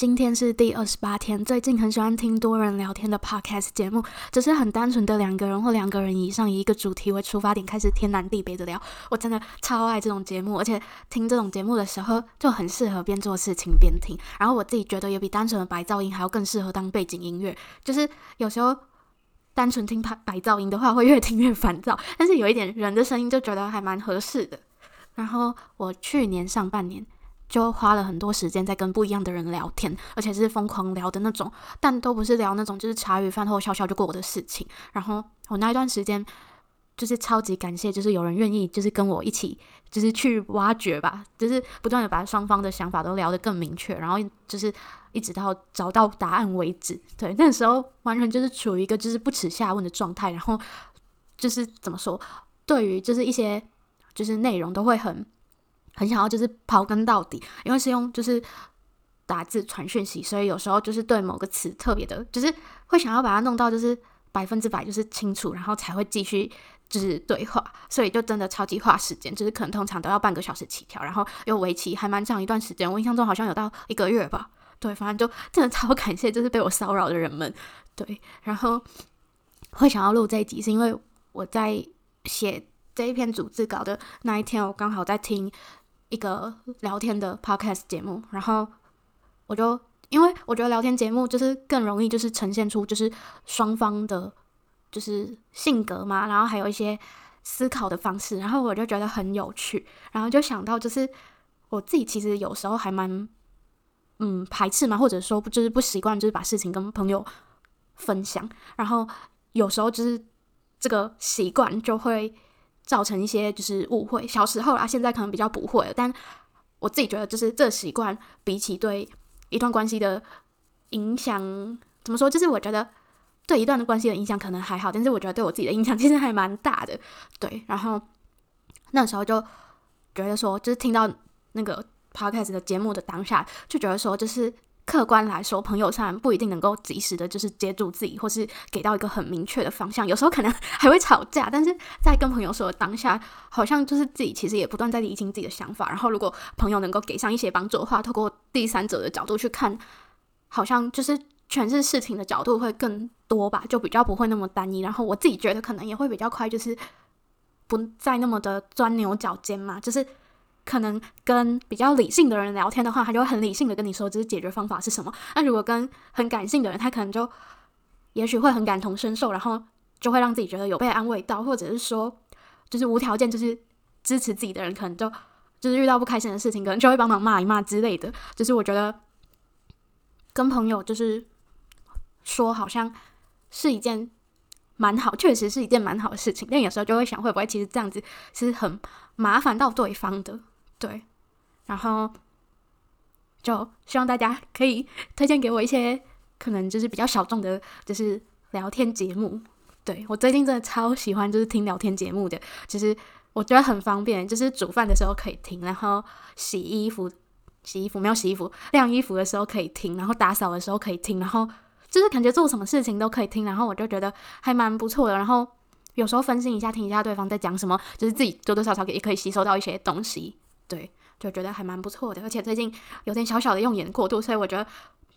今天是第二十八天。最近很喜歡聽多人聊天的 podcast 節目，只是很單純的兩個人或兩個人以上，以一個主題為出發點開始天南地北的聊。我真的超愛這種節目，而且聽這種節目的時候就很適合邊做事情邊聽。然後我自己覺得也比單純的白噪音還要更適合當背景音樂。就是有時候單純聽白白噪音的話，會越聽越煩躁，但是有一點人的聲音就覺得還蠻合適的。然後我去年上半年，就花了很多時間在跟不一樣的人聊天，而且是瘋狂聊的那種，但都不是聊那種就是茶餘飯後笑笑就過我的事情。然後我那一段時間就是超級感謝，就是有人願意就是跟我一起，就是去挖掘吧，就是不斷的把雙方的想法都聊得更明確，然後就是一直到找到答案為止。對，那時候完全就是處於一個就是不恥下問的狀態，然後就是怎麼說，對於就是一些就是內容都會很。很想要就是刨根到底，因為是用就是打字傳訊息，所以有時候就是對某個詞特別的，就是會想要把它弄到就是百分之百就是清楚，然後才會繼續就是對話，所以就真的超級花時間，就是可能通常都要半個小時起跳，然後又為期還蠻長一段時間，我印象中好像有到一個月吧，對，反正就真的超感謝就是被我騷擾的人們，對，然後會想要錄這一集是因為我在寫這一篇逐字稿的那一天，我剛好在聽。一個聊天的 Podcast 節目，然後我就因為我覺得聊天節目就是更容易，就是呈現出就是雙方的，就是性格嘛，然後還有一些思考的方式，然後我就覺得很有趣，然後就想到就是我自己其實有時候還蠻，嗯、排斥嘛，或者說不就是不習慣，就是把事情跟朋友分享，然後有時候就是這個習慣就會。造成一些就是誤會，小時候啊，現在可能比較不會了，但我自己覺得，就是這習慣比起對一段關係的影響，怎麼說？就是我覺得對一段的關係的影響可能還好，但是我覺得對我自己的影響其實還蠻大的。對，然後那時候就覺得說，就是聽到那個 podcast 的節目的當下，就覺得說，就是。客觀來說，朋友雖然不一定能夠及時的，就是接住自己，或是給到一個很明確的方向，有時候可能還會吵架。但是在跟朋友說的當下，好像就是自己其實也不斷在理清自己的想法。然後，如果朋友能夠給上一些幫助的話，透過第三者的角度去看，好像就是詮釋事情的角度會更多吧，就比較不會那麼單一。然後我自己覺得，可能也會比較快，就是不再那麼的鑽牛角尖嘛，就是。可能跟比較理性的人聊天的話，他就會很理性的跟你說，就是解決方法是什麼。那如果跟很感性的人，他可能就也許會很感同身受，然後就會讓自己覺得有被安慰到，或者是說就是無條件就是支持自己的人，可能就就是遇到不開心的事情，可能就會幫忙罵一罵之類的。就是我覺得跟朋友就是說，好像是一件蠻好，確實是一件蠻好的事情。但有時候就會想，會不會其實這樣子是很麻煩到對方的。對，然後就希望大家可以推薦給我一些可能就是比較小眾的，就是聊天節目。對，我最近真的超喜歡，就是聽聊天節目的。其實，就是我覺得很方便，就是煮飯的時候可以聽，然後洗衣服、洗衣服沒有洗衣服，晾衣服的時候可以聽，然後打掃的時候可以聽，然後就是感覺做什麼事情都可以聽。然後我就覺得還蠻不錯的。然後有時候分析一下，聽一下對方在講什麼，就是自己多多少少也可以，可以吸收到一些東西。對，就覺得還蠻不錯的，而且最近有點小小的用眼過度，所以我覺得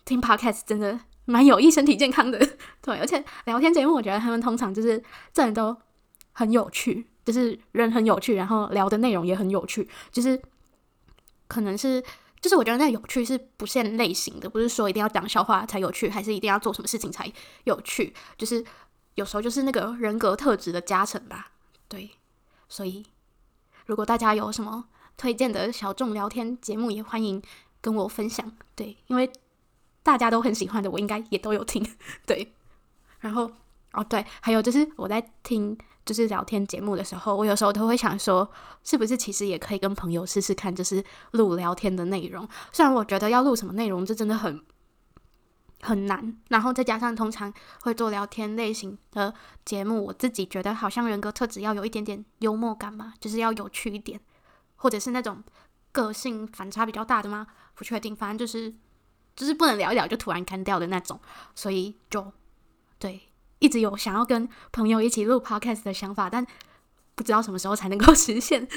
聽 podcast 真的蠻有益身體健康的。對，而且聊天節目，我覺得他們通常就是這人都很有趣，就是人很有趣，然後聊的內容也很有趣，就是可能是就是我覺得那個有趣是不限類型的，不是說一定要講笑話才有趣，還是一定要做什麼事情才有趣，就是有時候就是那個人格特質的加成吧。對，所以如果大家有什麼。推薦的小眾聊天節目也歡迎跟我分享，對，因為大家都很喜歡的，我應該也都有聽，對。然後，哦，對，還有就是我在聽就是聊天節目的時候，我有時候都會想說，是不是其實也可以跟朋友試試看，就是錄聊天的內容。雖然我覺得要錄什麼內容，這真的很很難。然後再加上通常會做聊天類型的節目，我自己覺得好像人格特質要有一點點幽默感嘛，就是要有趣一點。或者是那種個性反差比較大的嗎？不確定，反正就是，就是不能聊一聊就突然乾掉的那種，所以就對，一直有想要跟朋友一起錄 podcast 的想法，但不知道什麼時候才能夠實現。